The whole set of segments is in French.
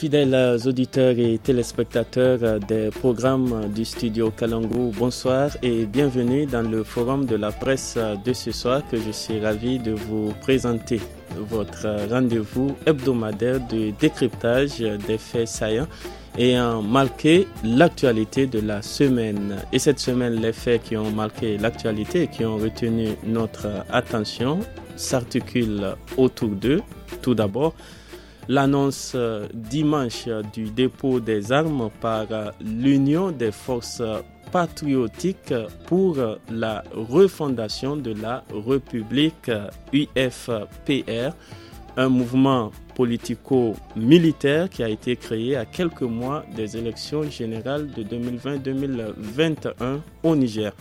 Fidèles auditeurs et téléspectateurs des programmes du studio Kalangou, bonsoir et bienvenue dans le forum de la presse de ce soir que je suis ravi de vous présenter. Votre rendez-vous hebdomadaire de décryptage des faits saillants ayant marqué l'actualité de la semaine. Et cette semaine, les faits qui ont marqué l'actualité et qui ont retenu notre attention s'articulent autour d'eux. Tout d'abord, l'annonce euh, dimanche euh, du dépôt des armes par euh, l'Union des forces patriotiques pour la refondation de la République UFPR, un mouvement politico-militaire qui a été créé à quelques mois des élections générales de 2020-2021 au Niger.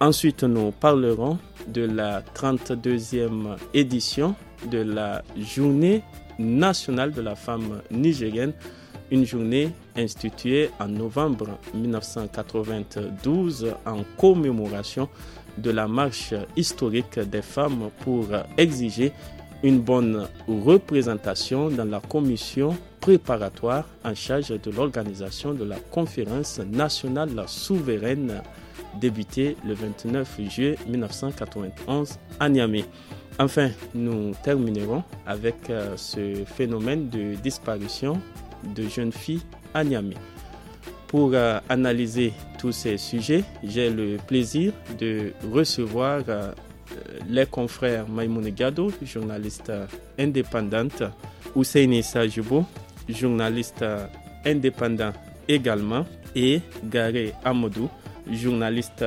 Ensuite, nous parlerons de la 32e édition de la journée nationale de la femme nigérienne, une journée instituée en novembre 1992 en commémoration de la marche historique des femmes pour exiger une bonne représentation dans la commission préparatoire en charge de l'organisation de la conférence nationale souveraine débutée le 29 juillet 1991 à Niamey. Enfin, nous terminerons avec euh, ce phénomène de disparition de jeunes filles à Niamey. Pour euh, analyser tous ces sujets, j'ai le plaisir de recevoir euh, les confrères Maïmoune Gado, journaliste indépendante, Hussein Sajoubo, journaliste indépendant également, et Garé Amadou, journaliste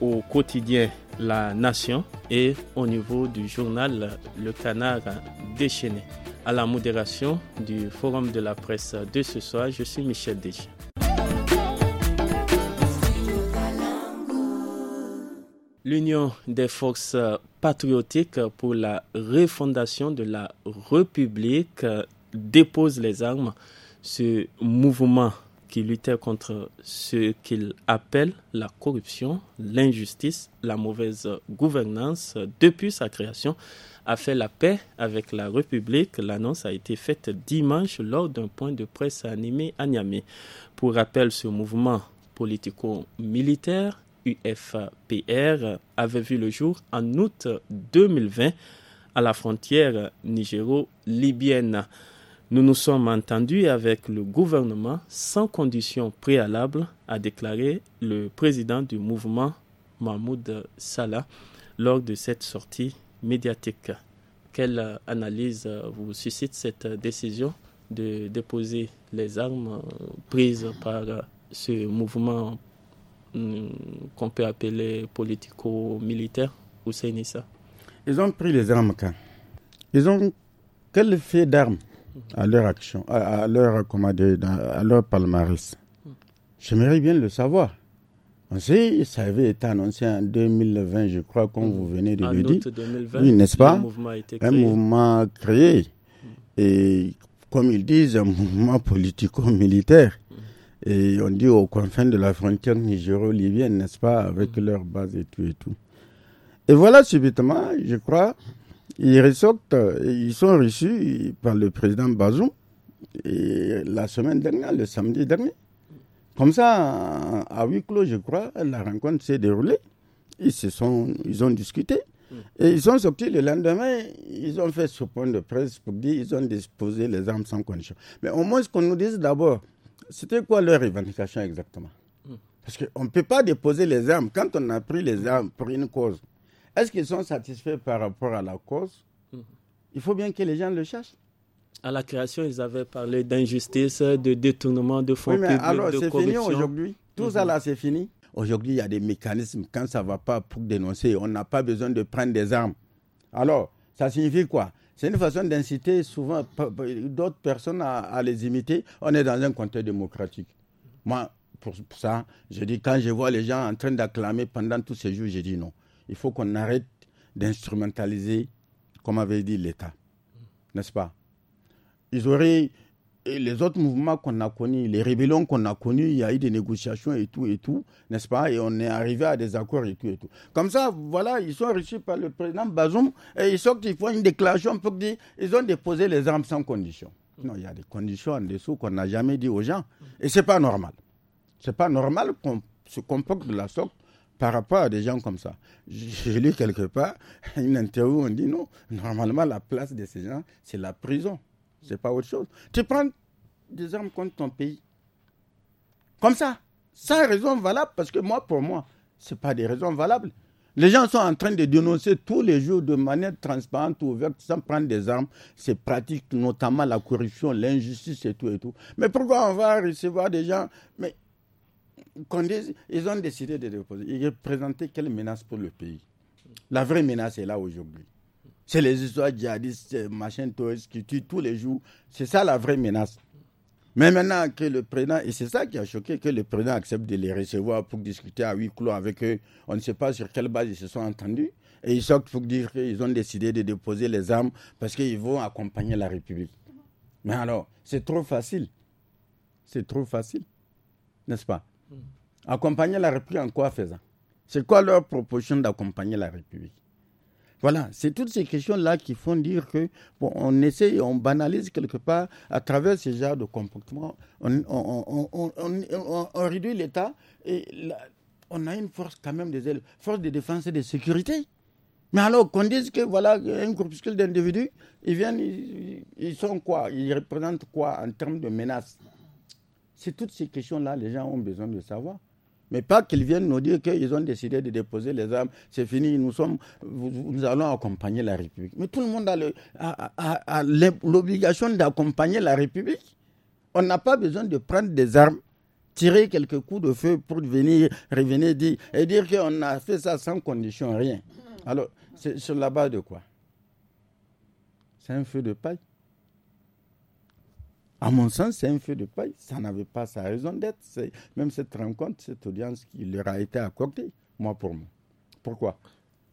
au quotidien la Nation et au niveau du journal Le Canard déchaîné. À la modération du Forum de la presse de ce soir, je suis Michel Deschamps. L'Union des forces patriotiques pour la refondation de la République dépose les armes. Ce mouvement qui contre ce qu'il appelle la corruption, l'injustice, la mauvaise gouvernance depuis sa création, a fait la paix avec la République. L'annonce a été faite dimanche lors d'un point de presse animé à Niamey. Pour rappel, ce mouvement politico-militaire, UFPR, avait vu le jour en août 2020 à la frontière nigéro-libyenne. Nous nous sommes entendus avec le gouvernement sans condition préalable, a déclaré le président du mouvement Mahmoud Salah lors de cette sortie médiatique. Quelle analyse vous suscite cette décision de déposer les armes prises par ce mouvement hmm, qu'on peut appeler politico-militaire ou Ils ont pris les armes Ils ont quel fait d'armes à leur action, à, leur, comment à leur palmarès. J'aimerais bien le savoir. On sait, ça avait été annoncé en 2020, je crois, comme vous venez de le dire. 2020, oui, n'est-ce pas mouvement a été créé. Un mouvement créé. Et comme ils disent, un mouvement politico-militaire. Et on dit aux confins de la frontière nigéro-libyenne, n'est-ce pas, avec mm. leur base et tout et tout. Et voilà, subitement, je crois, ils ressortent, ils sont reçus par le président Bazoum la semaine dernière, le samedi dernier. Comme ça, à huis clos, je crois, la rencontre s'est déroulée. Ils, se sont, ils ont discuté. Mm. Et ils sont sortis le lendemain, ils ont fait ce point de presse pour dire qu'ils ont disposé les armes sans condition. Mais au moins, ce qu'on nous dise d'abord, c'était quoi leur revendication exactement mm. Parce qu'on ne peut pas déposer les armes quand on a pris les armes pour une cause. Est-ce qu'ils sont satisfaits par rapport à la cause Il faut bien que les gens le cherchent. À la création, ils avaient parlé d'injustice, de détournement de fonds oui, mais alors, de Fini aujourd'hui. Tout ça là, c'est fini. Aujourd'hui, il y a des mécanismes quand ça ne va pas pour dénoncer. On n'a pas besoin de prendre des armes. Alors, ça signifie quoi C'est une façon d'inciter souvent d'autres personnes à, les imiter. On est dans un contexte démocratique. Moi, pour ça, je dis quand je vois les gens en train d'acclamer pendant tous ces jours, je dis non il faut qu'on arrête d'instrumentaliser, comme avait dit l'État. N'est-ce pas Ils auraient. les autres mouvements qu'on a connus, les rébellions qu'on a connus, il y a eu des négociations et tout, et tout, n'est-ce pas Et on est arrivé à des accords et tout, et tout. Comme ça, voilà, ils sont reçus par le président Bazoum et ils sortent, ils font une déclaration pour dire ils ont déposé les armes sans condition. Non, il y a des conditions en dessous qu'on n'a jamais dit aux gens. Et c'est pas normal. C'est pas normal qu'on se comporte de la sorte par rapport à des gens comme ça. J'ai lu quelque part une interview on dit non, normalement la place de ces gens, c'est la prison. C'est pas autre chose. Tu prends des armes contre ton pays. Comme ça, sans raison valable, parce que moi, pour moi, ce pas des raisons valables. Les gens sont en train de dénoncer tous les jours de manière transparente, ouverte, sans prendre des armes, C'est pratique, notamment la corruption, l'injustice et tout et tout. Mais pourquoi on va recevoir des gens Mais ils ont décidé de déposer. Ils présenté quelle menace pour le pays La vraie menace est là aujourd'hui. C'est les histoires djihadistes, machin, touristes qui tuent tous les jours. C'est ça la vraie menace. Mais maintenant que le président, et c'est ça qui a choqué, que le président accepte de les recevoir pour discuter à huis clos avec eux, on ne sait pas sur quelle base ils se sont entendus. Et ils sortent pour dire qu'ils ont décidé de déposer les armes parce qu'ils vont accompagner la République. Mais alors, c'est trop facile. C'est trop facile. N'est-ce pas Hmm. Accompagner la République en quoi faisant C'est quoi leur proposition d'accompagner la République voilà, c'est toutes ces questions-là qui font dire que on essaie, on banalise quelque part à travers ce genre de comportement. On, réduit l'État et on a une force quand même des ailes, force de défense et de sécurité. Mais alors qu'on dise que voilà, un groupuscule d'individus, ils viennent, ils, sont quoi Ils représentent quoi en termes de menaces c'est toutes ces questions-là, les gens ont besoin de savoir. Mais pas qu'ils viennent nous dire qu'ils ont décidé de déposer les armes, c'est fini, nous, sommes, nous allons accompagner la République. Mais tout le monde a l'obligation d'accompagner la République. On n'a pas besoin de prendre des armes tirer quelques coups de feu pour venir revenir et dire qu'on a fait ça sans condition, rien. Alors, c'est sur la base de quoi C'est un feu de paille. À mon sens, c'est un feu de paille. Ça n'avait pas sa raison d'être. Même cette rencontre, cette audience qui leur a été accordée, moi pour moi. Pourquoi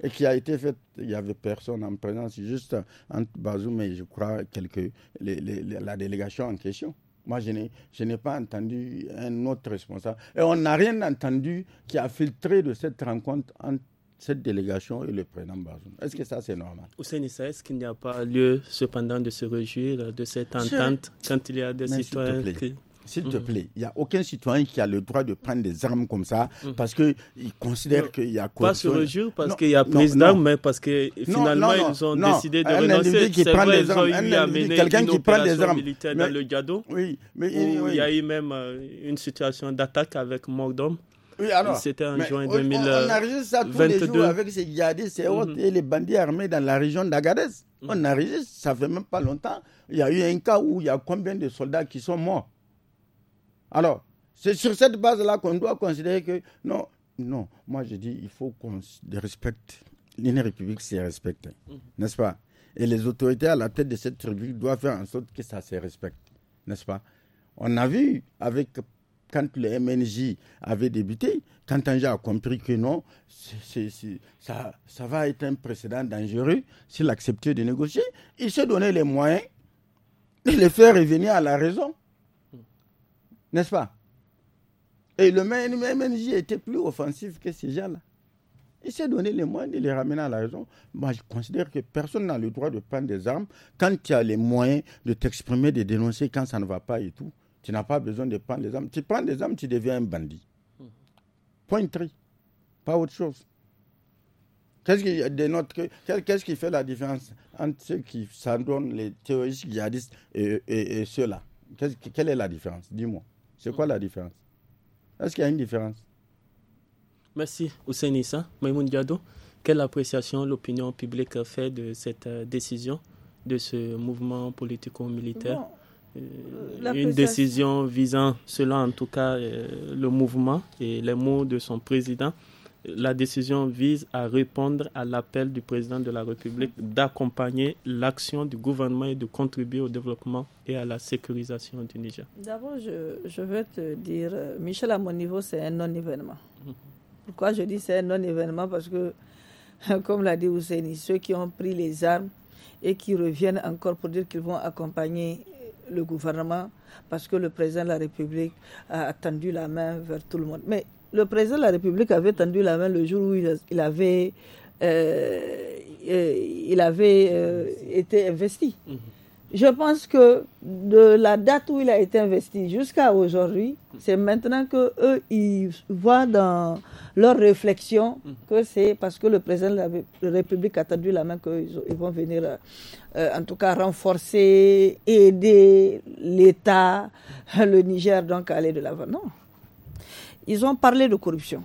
Et qui a été faite, il n'y avait personne en présence, juste entre Bazoum et je crois quelques, la délégation en question. Moi, je n'ai pas entendu un autre responsable. Et on n'a rien entendu qui a filtré de cette rencontre entre cette délégation et le président Bazoum. Est-ce que ça, c'est normal Hussein Issa, est-ce qu'il n'y a pas lieu, cependant, de se réjouir de cette entente quand il y a des citoyens qui... S'il te mhm. plaît, il n'y a aucun citoyen qui a le droit de prendre des armes comme ça mhm. parce qu'il considère qu'il y a quoi? Pas se le jour parce qu'il y a prise d'armes, mais parce que finalement ils ont décidé de renoncer. Qui vrai, des armes, quelqu'un qui prend des armes. mais, dans le Gado. Oui, mais il, il y a eu même euh, une situation d'attaque avec mort d'homme. C'était en juin 2022. On, euh, a réussi ça tous les jours avec ces djihadistes et, mhm. et les bandits armés dans la région d'Agadez. Mhm. On a On ça ça fait même pas longtemps. Il y a eu un cas où il y a combien de soldats qui sont morts. Alors, c'est sur cette base-là qu'on doit considérer que non, non, moi je dis il faut qu'on respecte. L'Union république se respecte, mhm. n'est-ce pas Et les autorités à la tête de cette république doivent faire en sorte que ça se respecte, n'est-ce pas On a vu avec quand le MNJ avait débuté, quand Tanja a compris que non, ça, ça va être un précédent dangereux s'il acceptait de négocier, il s'est donné les moyens de les faire revenir à la raison. N'est-ce pas Et le MNJ était plus offensif que ces gens-là. Il s'est donné les moyens de les ramener à la raison. Moi, je considère que personne n'a le droit de prendre des armes quand il y as les moyens de t'exprimer, de dénoncer quand ça ne va pas et tout. Tu n'as pas besoin de prendre des armes. Tu prends des armes, tu deviens un bandit. Hmm. Point tri. Pas autre chose. Qu'est-ce qui, dénote, qu'est-ce qui fait la différence entre ceux qui s'adonnent, les terroristes djihadistes et, et, ceux-là Quelle est la différence Dis-moi. C'est quoi hmm. la différence Est-ce qu'il y a une différence Merci, Hussein Issa. Maïmoun Diado, quelle appréciation l'opinion publique fait de cette euh, décision, de ce mouvement politico-militaire euh, une décision visant cela, en tout cas, euh, le mouvement et les mots de son président. La décision vise à répondre à l'appel du président de la République d'accompagner l'action du gouvernement et de contribuer au développement et à la sécurisation du Niger. D'abord, je, veux te dire, Michel, à mon niveau, c'est un non-événement. Mhm. Pourquoi je dis c'est un non-événement Parce que, comme l'a dit Ousseini, ceux qui ont pris les armes et qui reviennent encore pour dire qu'ils vont accompagner le gouvernement, parce que le président de la République a tendu la main vers tout le monde. Mais le président de la République avait tendu la main le jour où il avait, il avait euh, euh, euh, été investi. Mhm. Je pense que de la date où il a été investi jusqu'à aujourd'hui, c'est maintenant que eux ils voient dans leur réflexion que c'est parce que le président de la République a tendu la main qu'ils vont venir, euh, en tout cas, renforcer, aider l'État, le Niger donc aller de l'avant. Non, ils ont parlé de corruption.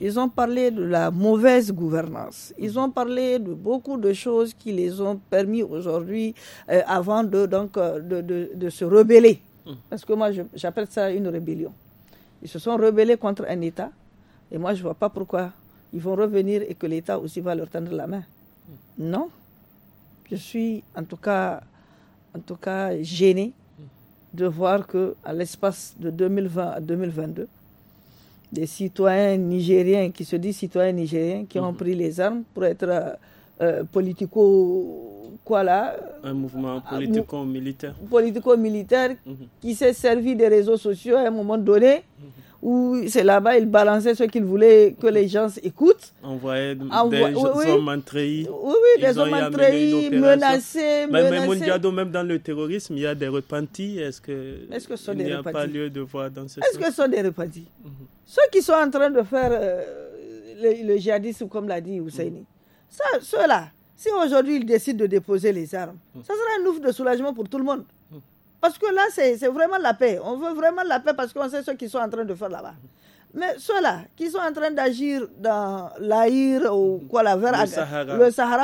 Ils ont parlé de la mauvaise gouvernance. Ils ont parlé de beaucoup de choses qui les ont permis aujourd'hui, euh, avant de, donc, euh, de, se rebeller. Hmm. Parce que moi, j'appelle ça une rébellion. Ils se sont rebellés contre un État. Et moi, je ne vois pas pourquoi ils vont revenir et que l'État aussi va leur tendre la main. Hmm. Non. Je suis en tout cas, en tout cas gênée hmm. de voir que à l'espace de 2020 à 2022, des citoyens nigériens qui se disent citoyens nigériens qui ont mhm. pris les armes pour être euh, euh, politico quoi là un mouvement ah, politico militaire politico militaire mhm. qui s'est servi des réseaux sociaux à un moment donné mhm où c'est là-bas, il balançait ce qu'il voulait que les gens écoutent. On voyait des oui, oui. hommes Oui, oui, des hommes entrahis, menacés, menacés. Mais Mondiado, même dans le terrorisme, il y a des repentis. Est-ce que, Est -ce que sont il n'y a pas lieu de voir dans ce Est-ce que ce sont des repentis mhm. Ceux qui sont en train de faire euh, le, djihadisme, comme l'a dit Husseini, mhm. ceux-là, si aujourd'hui ils décident de déposer les armes, mhm. ça sera un ouf de soulagement pour tout le monde. Parce que là, c'est vraiment la paix. On veut vraiment la paix parce qu'on sait ce qu'ils sont en train de faire là-bas. Mais ceux-là qui sont en train d'agir dans l'Aïr ou quoi là, vers le, Sahara.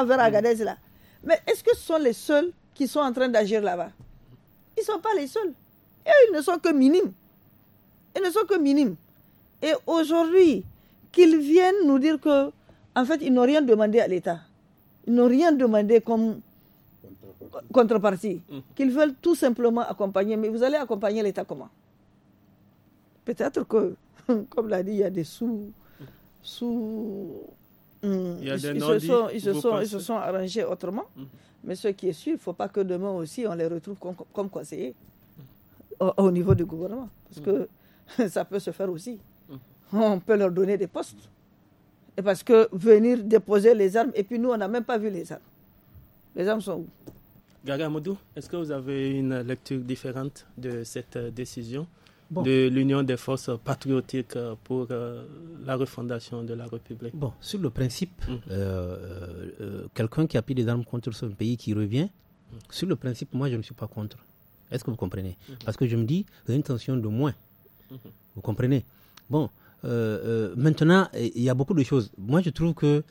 le vers Agadez là, mais est-ce que ce sont les seuls qui sont en train d'agir là-bas Ils ne sont pas les seuls. Et ils ne sont que minimes. Ils ne sont que minimes. Et aujourd'hui, qu'ils viennent nous dire que, en fait, ils n'ont rien demandé à l'État. Ils n'ont rien demandé comme contrepartie, qu'ils veulent tout simplement accompagner. Mais vous allez accompagner l'État comment Peut-être que, comme l'a dit, il y a des sous... sous hmm, ils, se sont, sont, arrangés autrement. Mhm. Mais ce qui est sûr, il ne faut pas que demain aussi, on les retrouve comme, conseillers au, niveau du gouvernement. Parce mhm. que ça peut se faire aussi. Mhm. On peut leur donner des postes. Et parce que venir déposer les armes, et puis nous, on n'a même pas vu les armes. Les armes sont où Garamoudou, est-ce que vous avez une lecture différente de cette euh, décision de l'Union des forces patriotiques euh, pour euh, la refondation de la République Bon, sur le principe, mm. quelqu'un qui a pris des armes contre son pays qui revient, mm. sur le principe, moi je ne suis pas contre. Est-ce que vous comprenez mm-hmm. Parce que je me dis, l'intention une tension de moins. Mm-hmm. Vous comprenez Bon, maintenant, il y a beaucoup de choses. Moi je trouve que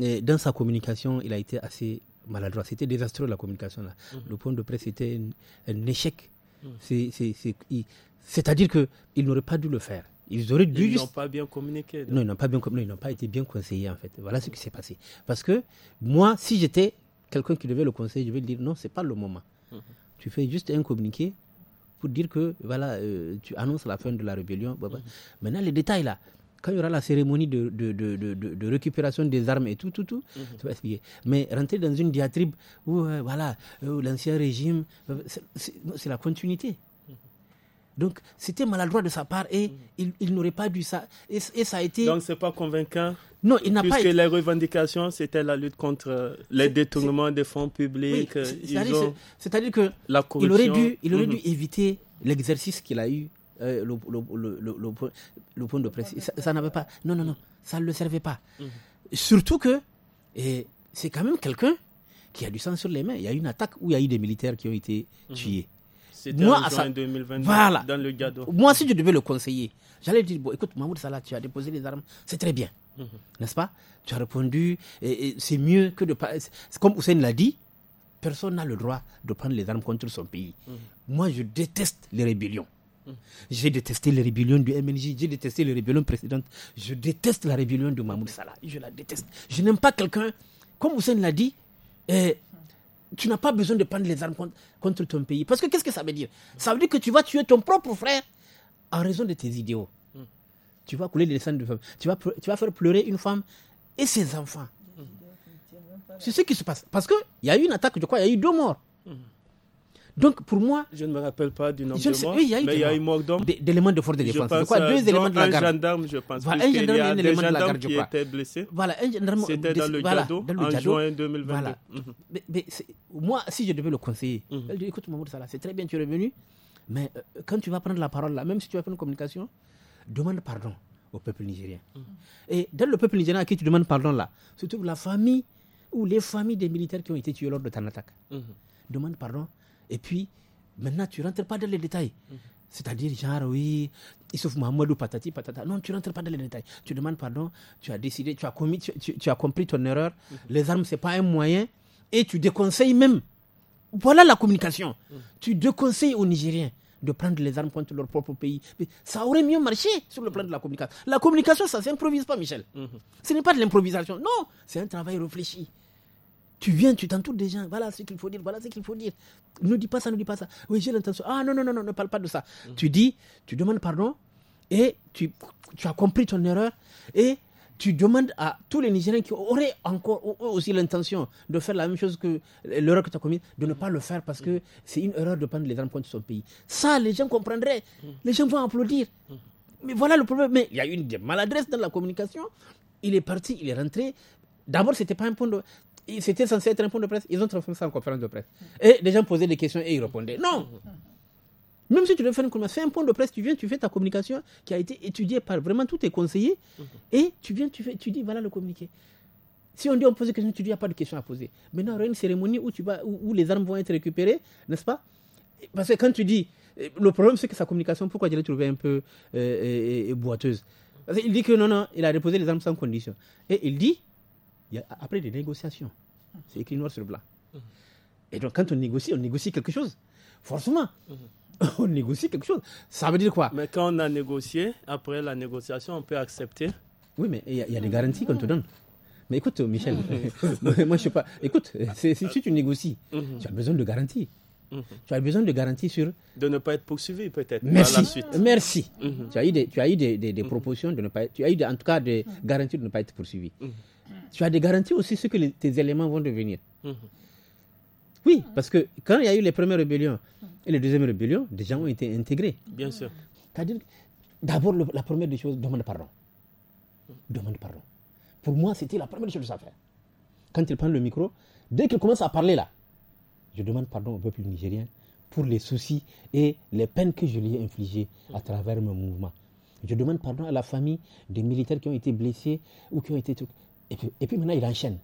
eh, dans sa communication, il a été assez maladroit, c'était désastreux la communication. Là. Mhm. Le point de presse était un, échec. Mhm. C'est-à-dire qu'ils n'auraient pas dû le faire. Ils auraient dû. Ils n'ont pas bien communiqué. Non, ils n'ont pas été bien conseillés en fait. Voilà ce qui s'est passé. Parce que moi, si j'étais quelqu'un qui devait le conseiller, je vais dire non, ce n'est pas le moment. Mhm. Tu fais juste un communiqué pour dire que voilà, euh, tu annonces la fin de la rébellion. Bah, bah. Maintenant, les détails là quand il y aura la cérémonie de, de, récupération des armes et tout, tout, tout, mhm. ça va expliquer. Mais rentrer dans une diatribe où, euh, voilà, euh, l'ancien régime, euh, c'est la continuité. Mhm. Donc, c'était maladroit de sa part et mhm. il, n'aurait pas dû ça. Et, ça a été. Donc, c'est pas convaincant. Non, il n'a pas. Puisque les revendications, c'était la lutte contre les détournements des fonds publics. Oui, C'est-à-dire que. La Il aurait dû, il aurait dû éviter l'exercice qu'il a eu euh, le, le, le, le, point de presse. Ça, n'avait pas. Non, non, non, ça ne le servait pas. Mhm. Surtout que c'est quand même quelqu'un qui a du sang sur les mains. Il y a eu une attaque où il y a eu des militaires qui ont été mhm. tués. C'était en voilà. dans le Gado. Moi, si je devais le conseiller, j'allais dire, écoute, Mahmoud Salah, tu as déposé les armes, c'est très bien, mhm. n'est-ce pas Tu as répondu, et, c'est mieux que de... Comme Hussein l'a dit, personne n'a le droit de prendre les armes contre son pays. Moi, je déteste les rébellions. J'ai détesté les rébellions du MNJ, j'ai détesté les rébellions précédentes. Je déteste la rébellion de Mahmoud Salah. Je la déteste. Je n'aime pas quelqu'un, comme Hussein l'a dit, eh, tu n'as pas besoin de prendre les armes contre, ton pays. Parce que qu'est-ce que ça veut dire Ça veut dire que tu vas tuer ton propre frère en raison de tes idéaux. Tu vas couler les sangs de femmes. Tu vas, tu vas faire pleurer une femme et ses enfants. C'est ce qui se passe. Parce qu'il y a eu une attaque, je crois, il y a eu deux morts. Donc pour moi. Je ne me rappelle pas du nombre de morts oui, il y a eu mais il y a mort D'éléments de force de défense. Deux éléments de la garde. Un gendarme, je pense. Il un gendarme un élément de la garde, qui était blessé. Voilà, un gendarme. C'était dans le voilà, en juin 2022. Voilà. Mhm. moi, si je devais le conseiller, mhm. écoute, Mamoud Salah, c'est très bien, tu es revenu, mais euh, quand tu vas prendre la parole même si tu vas faire une communication, demande pardon au peuple nigérien. Mhm. Et dans le peuple nigérien à qui tu demandes pardon là, surtout la famille ou les familles des militaires qui ont été tués lors de ton attaque. Demande pardon et puis, maintenant, tu rentres pas dans les détails. C'est-à-dire, genre, oui, Issouf ou patati, patata. Non, tu rentres pas dans les détails. Tu demandes pardon, tu as décidé, tu as commis, tu, as compris ton erreur. Mhm. Les armes, c'est pas un moyen. Et tu déconseilles même. Voilà la communication. Mhm. Tu déconseilles aux Nigériens de prendre les armes contre leur propre pays. ça aurait mieux marché sur le plan de la communication. La communication, ça ne s'improvise pas, Michel. Mhm. Ce n'est pas de l'improvisation. Non, c'est un travail réfléchi. Tu viens, tu t'entoures des gens. Voilà ce qu'il faut dire, voilà ce qu'il faut dire. Ne dis pas ça, ne dis pas ça. Oui, j'ai l'intention. Ah non, non, non, ne parle pas de ça. Mhm. Tu dis, tu demandes pardon et tu, as compris ton erreur et tu demandes à tous les Nigériens qui auraient encore aussi l'intention de faire la même chose que l'erreur que tu as commise, de ne mhm. pas le faire parce que mhm. c'est une erreur de prendre les armes contre son pays. Ça, les gens comprendraient. Les gens vont applaudir. Mais voilà le problème. Mais il y a eu une maladresse dans la communication. Il est parti, il est rentré. D'abord, ce n'était pas un point de c'était censé être un point de presse. Ils ont transformé ça en conférence de presse. Et les gens posaient des questions et ils répondaient. Non Même si tu veux faire une conférence, fais un point de presse, tu viens, tu fais ta communication qui a été étudiée par vraiment tous tes conseillers mhm. et tu viens, tu, fais, tu dis voilà le communiqué. Si on dit on pose des questions, tu dis il n'y a pas de questions à poser. Maintenant, il y aura une cérémonie où, tu vas, où, les armes vont être récupérées, n'est-ce pas Parce que quand tu dis. Le problème, c'est que sa communication, pourquoi je l'ai trouvée un peu euh, euh, euh, boiteuse Parce Il dit que non, non, il a déposé les armes sans condition. Et il dit après des négociations. Hum. C'est écrit noir sur blanc. Hum. Et donc, quand on négocie, on négocie quelque chose. Forcément. Hum. on négocie quelque chose. Ça veut dire quoi Mais quand on a négocié, après la négociation, on peut accepter. Oui, mais il y, a des garanties qu'on te donne. Mais écoute, Michel, moi je sais pas. Écoute, si tu négocies, tu as besoin de garanties. Tu as besoin de garanties sur. De ne pas être poursuivi, peut-être. Merci. suite. Merci. Tu as eu des, tu as eu des, propositions de ne pas Tu as eu, en tout cas, des garanties de ne pas être poursuivi tu as des garanties aussi sur ce que tes éléments vont devenir. Mhm. Oui, parce que quand il y a eu les premières rébellions et les deuxièmes rébellions, des gens ont été intégrés. Bien sûr. cest d'abord, la première des choses, demande pardon. Demande pardon. Pour moi, c'était la première chose à faire. Quand il prend le micro, dès qu'il commence à parler là, je demande pardon au peuple nigérien pour les soucis et les peines que je lui ai infligées à travers mon mouvement. Je demande pardon à la famille des militaires qui ont été blessés ou qui ont été... Et puis, maintenant, il enchaîne.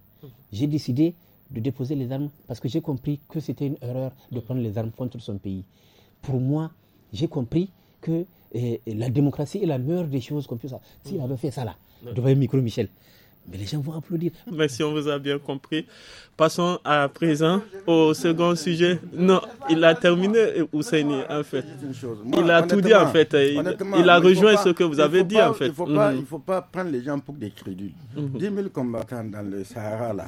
J'ai décidé de déposer les armes parce que j'ai compris que c'était une erreur de prendre les armes contre son pays. Pour moi, j'ai compris que eh, la démocratie est la meilleure des choses qu'on puisse S'il avait fait ça là, devant micro Michel, mais les gens vont applaudir. Merci, on vous a bien compris. Passons à présent au second sujet. Non, il a terminé, Ousseini, en ah, fait. Il a tout dit, en fait. Il, a rejoint ce que vous avez dit, en fait. Il ne mm-hmm. faut, pas prendre les gens pour des crédules. 10 mm-hmm. 000 combattants dans le Sahara, là.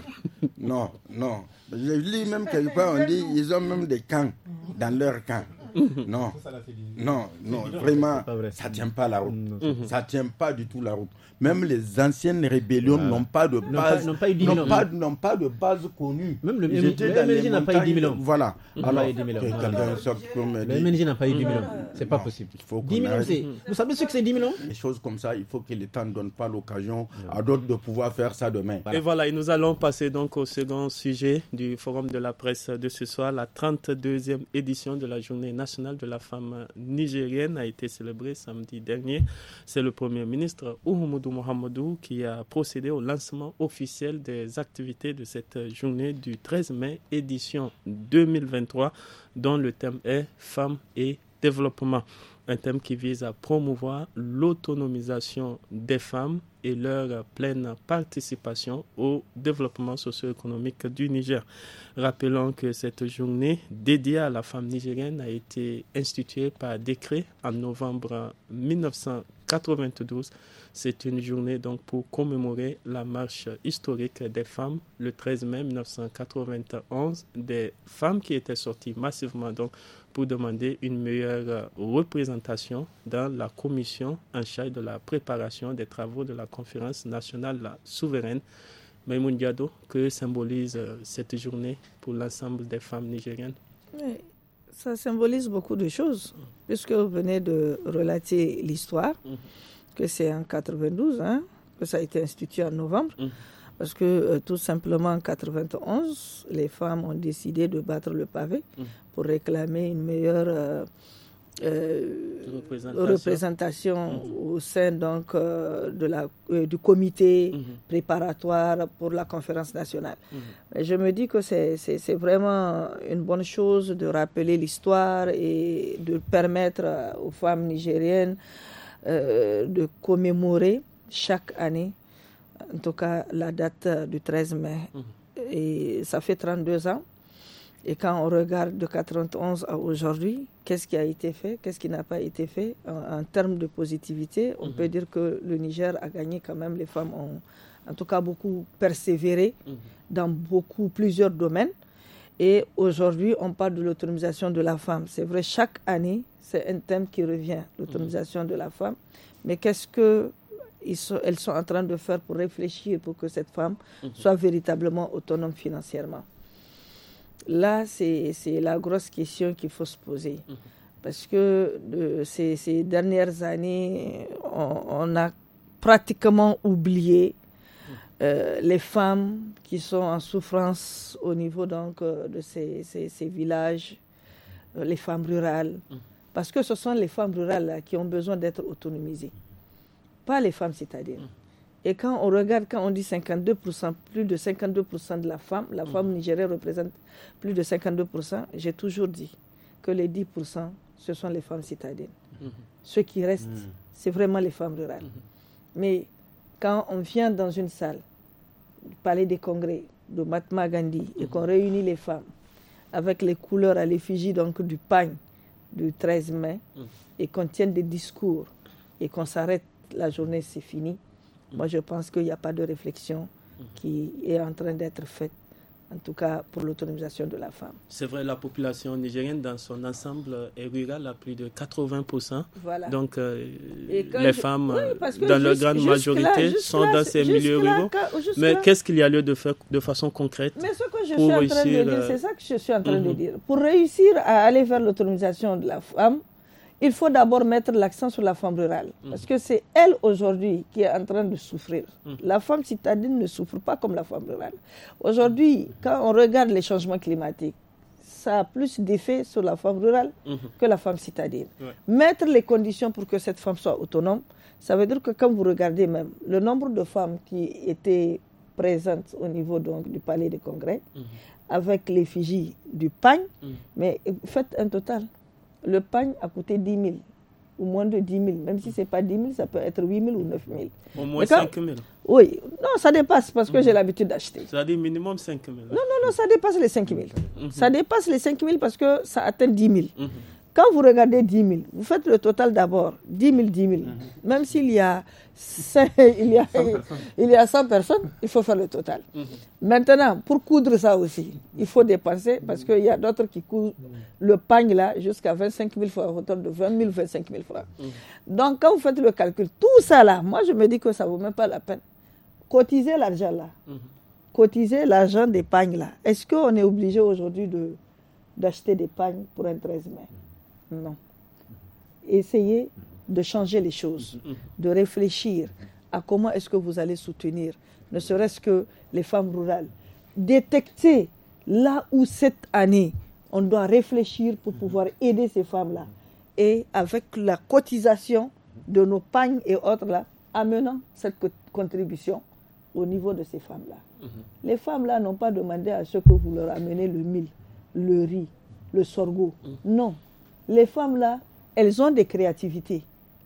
Non, non. Je lis même quelque part, on dit ils ont même des camps, dans leur camps. Non, non, non, vraiment, ça tient pas la route. Mhm. Ça tient pas du tout la route. Même les anciennes rébellions ah. n'ont pas de base, n'ont pas, pas, pas, de base connue. Même le, MNJ n'a pas eu 10 000 ans. Voilà. Alors, le MNJ n'a pas eu 10 000 ans. Mhm. C'est pas possible. Faut vous savez ce que c'est 10 000 ans Des choses comme ça, il faut que l'État ne donne pas l'occasion à d'autres de pouvoir faire ça demain. Et voilà, et nous allons passer donc au second sujet du forum de la presse de ce soir, la 32e édition de la journée National de la femme nigérienne a été célébrée samedi dernier. C'est le Premier ministre Oumoudou Mohamedou qui a procédé au lancement officiel des activités de cette journée du 13 mai, édition 2023, dont le thème est Femmes et développement un thème qui vise à promouvoir l'autonomisation des femmes et leur pleine participation au développement socio-économique du Niger. Rappelons que cette journée dédiée à la femme nigérienne a été instituée par décret en novembre 1992. C'est une journée donc pour commémorer la marche historique des femmes le 13 mai 1991, des femmes qui étaient sorties massivement donc pour demander une meilleure euh, représentation dans la commission en charge de la préparation des travaux de la conférence nationale souveraine. Maïmoun Diado, que symbolise euh, cette journée pour l'ensemble des femmes nigériennes oui, Ça symbolise beaucoup de choses, puisque vous venez de relater l'histoire, mm-hmm. que c'est en 92, hein, que ça a été institué en novembre. Mm-hmm. Parce que euh, tout simplement, en 91, les femmes ont décidé de battre le pavé hum. pour réclamer une meilleure euh, euh, représentation, hum. au sein donc, de la, du comité hum. préparatoire pour la conférence nationale. je me dis que c'est vraiment une bonne chose de rappeler l'histoire et de permettre aux femmes nigériennes de commémorer chaque année en tout cas la date euh, du 13 mai. Mhm. Et ça fait 32 ans. Et quand on regarde de 91 à aujourd'hui, qu'est-ce qui a été fait, qu'est-ce qui n'a pas été fait en, termes de positivité, on mhm. peut dire que le Niger a gagné quand même. Les femmes ont, en tout cas, beaucoup persévéré mhm. dans beaucoup, plusieurs domaines. Et aujourd'hui, on parle de l'autonomisation de la femme. C'est vrai, chaque année, c'est un thème qui revient, l'autonomisation de la femme. Mais qu'est-ce que elles sont en train de faire pour réfléchir pour que cette femme mhm. soit véritablement autonome financièrement Là, c'est la grosse question qu'il faut se poser. Mhm. Parce que de, ces, dernières années, on, a pratiquement oublié mhm. euh, les femmes qui sont en souffrance au niveau donc, euh, de ces, villages, euh, les femmes rurales, parce que ce sont les femmes rurales qui ont besoin d'être autonomisées pas les femmes citadines. Mm. Et quand on regarde, quand on dit 52%, plus de 52% de la femme, la mm. femme nigérienne représente plus de 52%, j'ai toujours dit que les 10%, ce sont les femmes citadines. Mm-hmm. Ce qui reste, mm. c'est vraiment les femmes rurales. Mm-hmm. Mais quand on vient dans une salle, parler palais des congrès de Mahatma Gandhi, et mm-hmm. qu'on réunit les femmes avec les couleurs à l'effigie donc du pagne du 13 mai, et qu'on tient des discours, et qu'on s'arrête la journée c'est fini. Moi, je pense qu'il n'y a pas de réflexion qui est en train d'être faite, en tout cas pour l'autonomisation de la femme. C'est vrai, la population nigérienne dans son ensemble est rurale à plus de 80%. Voilà. Donc, euh, les femmes, dans leur grande majorité, sont dans ces milieux ruraux. Mais qu'est-ce qu'il y a lieu de faire de façon concrète je pour suis en train réussir... de dire, euh, c'est ça que je suis en train de mhm. dire. Pour réussir à aller vers l'autonomisation de la femme, il faut d'abord mettre l'accent sur la femme rurale. Mhm. Parce que c'est elle aujourd'hui qui est en train de souffrir. Mhm. La femme citadine ne souffre pas comme la femme rurale. Aujourd'hui, quand on regarde les changements climatiques, ça a plus d'effet sur la femme rurale mhm. que la femme citadine. Mettre les conditions pour que cette femme soit autonome, ça veut dire que quand vous regardez même le nombre de femmes qui étaient présentes au niveau donc, du palais des congrès, avec l'effigie du pagne, mais faites un total. Le pagne a coûté 10 000 ou moins de 10 000. Même si ce n'est pas 10 000, ça peut être 8 000 ou 9 000. Au moins 5 000. Oui, non, ça dépasse parce que j'ai mhm. l'habitude d'acheter. Ça dit minimum 5 000. Non, non, non, ça dépasse les 5 000. Mhm. Ça dépasse les 5 000 parce que ça atteint 10 000. Quand vous regardez 10 000, vous faites le total d'abord, 10 000, 10 000. Même s'il y, a y y a 100 personnes, il faut faire le total. Mhm. Maintenant, pour coudre ça aussi, il faut dépenser parce qu'il y a d'autres qui coudent le pagne là jusqu'à 25 000 francs, autour de 20 000, 25 000 francs. Donc, quand vous faites le calcul, tout ça là, moi je me dis que ça ne vaut même pas la peine. Cotiser l'argent là, mhm. cotiser l'argent des pagnes là, est-ce qu'on est obligé aujourd'hui d'acheter des pagnes pour un 13 mai non. Essayez de changer les choses, de réfléchir à comment est-ce que vous allez soutenir, ne serait-ce que les femmes rurales. Détectez là où cette année, on doit réfléchir pour pouvoir aider ces femmes-là. Et avec la cotisation de nos pagnes et autres, là, amenant cette contribution au niveau de ces femmes-là. Les femmes-là n'ont pas demandé à ce que vous leur amenez le mil, le riz, le sorgho. Non, les femmes là, elles ont des créativités.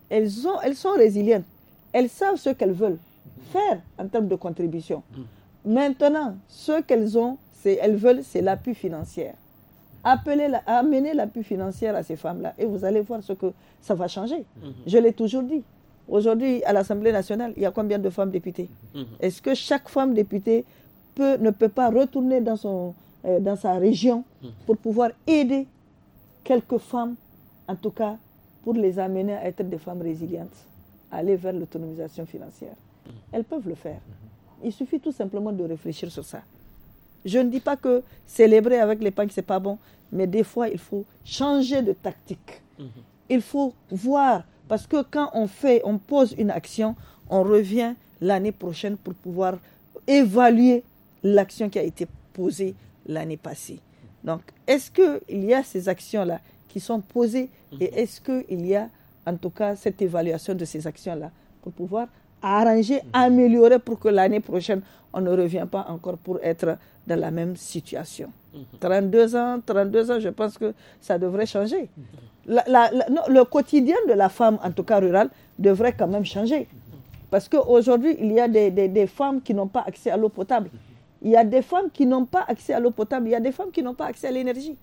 Elles, ont, elles sont résilientes. Elles savent ce qu'elles veulent faire en termes de contribution. Maintenant, ce qu'elles ont, c'est elles veulent, c'est l'appui financier. Appelez la, amenez l'appui financier à ces femmes-là et vous allez voir ce que ça va changer. Mhm. Je l'ai toujours dit. Aujourd'hui, à l'Assemblée nationale, il y a combien de femmes députées mhm. Est-ce que chaque femme députée peut, ne peut pas retourner dans, son, euh, dans sa région mhm. pour pouvoir aider quelques femmes, en tout cas, pour les amener à être des femmes résilientes, aller vers l'autonomisation financière. Elles peuvent le faire. Il suffit tout simplement de réfléchir sur ça. Je ne dis pas que célébrer avec l'épargne, ce n'est pas bon, mais des fois, il faut changer de tactique. Il faut voir, parce que quand on fait, on pose une action, on revient l'année prochaine pour pouvoir évaluer l'action qui a été posée l'année passée. Donc, est-ce qu'il y a ces actions-là qui sont posées mhm. et est-ce qu'il y a en tout cas cette évaluation de ces actions-là pour pouvoir arranger, mhm. améliorer pour que l'année prochaine, on ne revienne pas encore pour être dans la même situation. 32 mhm. ans, 32 ans, je pense que ça devrait changer. le quotidien de la femme, en tout cas rurale, devrait quand même changer. Parce qu'aujourd'hui, il y a des femmes qui n'ont pas accès à l'eau potable. Il y a des femmes qui n'ont pas accès à l'eau potable, il y a des femmes qui n'ont pas accès à l'énergie.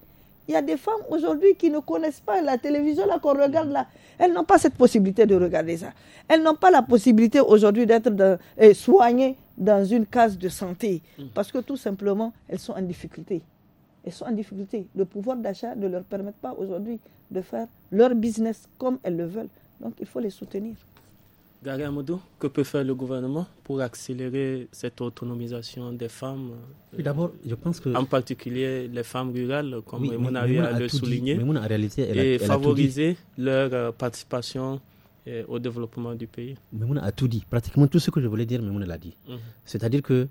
Il y a des femmes aujourd'hui qui ne connaissent pas la télévision là qu'on regarde là. Elles n'ont pas cette possibilité de regarder ça. Elles n'ont pas la possibilité aujourd'hui d'être soignées dans une case de santé mm. parce que tout simplement elles sont en difficulté. Elles sont en difficulté. Le pouvoir d'achat ne leur permet pas aujourd'hui de faire leur business comme elles le veulent. Donc il faut les soutenir. Garamoudou, que peut faire le gouvernement pour accélérer cette autonomisation des femmes euh, En particulier les femmes rurales, comme oui, Mouna a, le souligné, et favoriser leur euh, participation euh, au développement du pays. Memouna a tout dit. Pratiquement tout ce que je voulais dire, Memouna l'a dit. Mhm. C'est-à-dire que,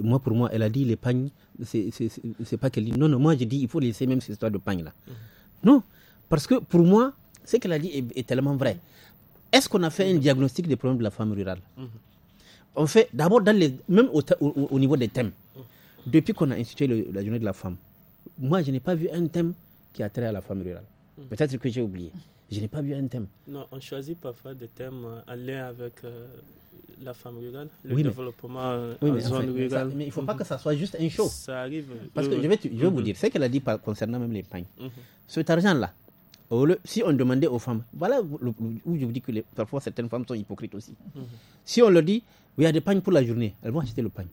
moi, pour moi, elle a dit les pagnes, c'est pas qu'elle dit. Non, non, moi, j'ai dit, il faut laisser même cette histoire de pagne-là. Mhm. Non, parce que pour moi, ce qu'elle a dit est, tellement vrai est-ce qu'on a fait un diagnostic des problèmes de la femme rurale On fait d'abord, dans les, même au, niveau des thèmes, depuis qu'on a institué la journée de la femme, moi, je n'ai pas vu un thème qui a trait à la femme rurale. Peut-être que j'ai oublié. Je n'ai pas vu un thème. Non, on choisit parfois des thèmes euh, en lien avec euh, la femme rurale, le développement euh, en zone rurale. mais il ne faut pas que ça soit juste un show. Ça arrive. Parce que je vais, vous dire, ce qu'elle a dit concernant même les mhm. Cet argent-là, si on demandait aux femmes, voilà où je vous dis que parfois certaines femmes sont hypocrites aussi. Mhm. Si on leur dit, il y a des pagnes pour la journée, elles vont acheter le pagne.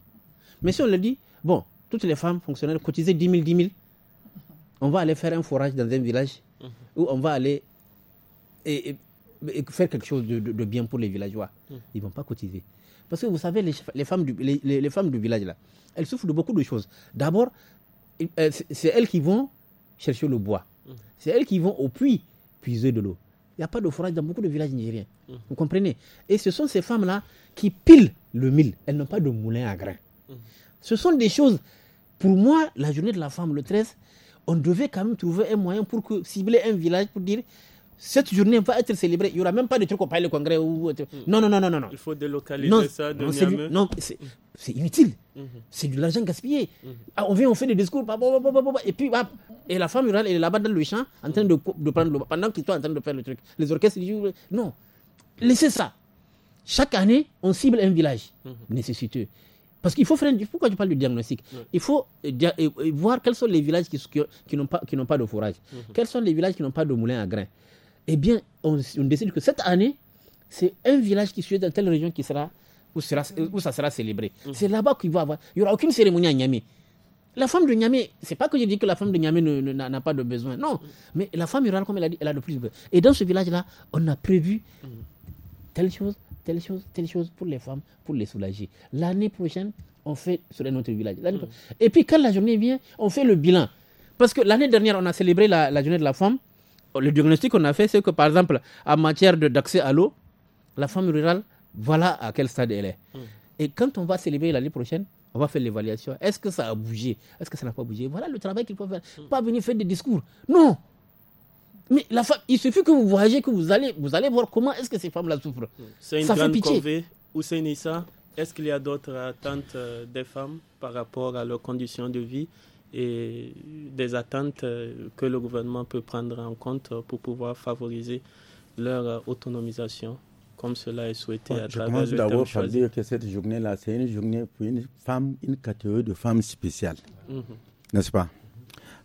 Mais si on leur dit, bon, toutes les femmes fonctionnaires cotisaient 10 000, 10 000, on va aller faire un forage dans un village mhm. où on va aller faire quelque chose de, bien pour les villageois. Mhm. Ils ne vont pas cotiser. Parce que vous savez, les, femmes, du, femmes du village, là, elles souffrent de beaucoup de choses. D'abord, euh, c'est elles qui vont chercher le bois c'est elles qui vont au puits puiser de l'eau. Il n'y a pas de forage dans beaucoup de villages nigériens. Mhm. Vous comprenez Et ce sont ces femmes-là qui pilent le mille. Elles n'ont pas de moulin à grains. Mhm. Ce sont des choses. Pour moi, la journée de la femme, le 13, on devait quand même trouver un moyen pour que, cibler un village pour dire cette journée va être célébrée. Il n'y aura même pas de truc au palais, du congrès hmm. Non, non, non, non, non. Il faut délocaliser ça de Non, c'est inutile. Hmm. C'est de l'argent gaspillé. Hmm. Ah, on vient, on fait des discours, bah, bah, bah, et puis, et la femme rurale, elle est là-bas dans le champ, en train de, de prendre le. pendant qu'ils sont en train de faire le truc. Les orchestres, disent Non. Laissez ça. Chaque année, on cible un village nécessiteux. Parce qu'il faut faire. Pourquoi tu parles du diagnostic Il faut euh, euh, euh, voir quels sont les villages qui, qui, qui n'ont pas, pas, de fourrage. Quels sont les villages qui n'ont pas de moulin à grains eh bien, on, décide que cette année, c'est un village qui suit dans telle région qui sera, où, sera, où ça sera célébré. Mhm. C'est là-bas qu'il va avoir. Il n'y aura aucune cérémonie à Niamey. La femme de Niamey, c'est pas que je dis que la femme de Niamey n'a pas de besoin, non. Mhm. Mais la femme rurale, comme elle a dit, elle a de plus besoin. Et dans ce village-là, on a prévu mhm. telle chose, telle chose, telle chose pour les femmes, pour les soulager. L'année prochaine, on fait sur autre village. Et puis quand la journée vient, on fait le bilan. Parce que l'année dernière, on a célébré la, la journée de la femme le diagnostic qu'on a fait, c'est que par exemple, en matière d'accès à l'eau, la femme rurale, voilà à quel stade elle est. Hmm. Et quand on va célébrer l'année prochaine, on va faire l'évaluation. Est-ce que ça a bougé Est-ce que ça n'a pas bougé Voilà le travail qu'il faut faire. Hmm. Pas venir faire des discours. Non mais la femme, il suffit que vous voyagez, que vous allez, vous allez voir comment est-ce que ces femmes-là souffrent. C'est une ça fait pitié. Est-ce qu'il y a d'autres attentes euh, des femmes par rapport à leurs conditions de vie et des attentes euh, que le gouvernement peut prendre en compte pour pouvoir favoriser leur euh, autonomisation, comme cela est souhaité à je travers le d'abord par dire que cette journée-là, c'est une journée pour une femme, une catégorie de femmes spéciales, mhm. n'est-ce pas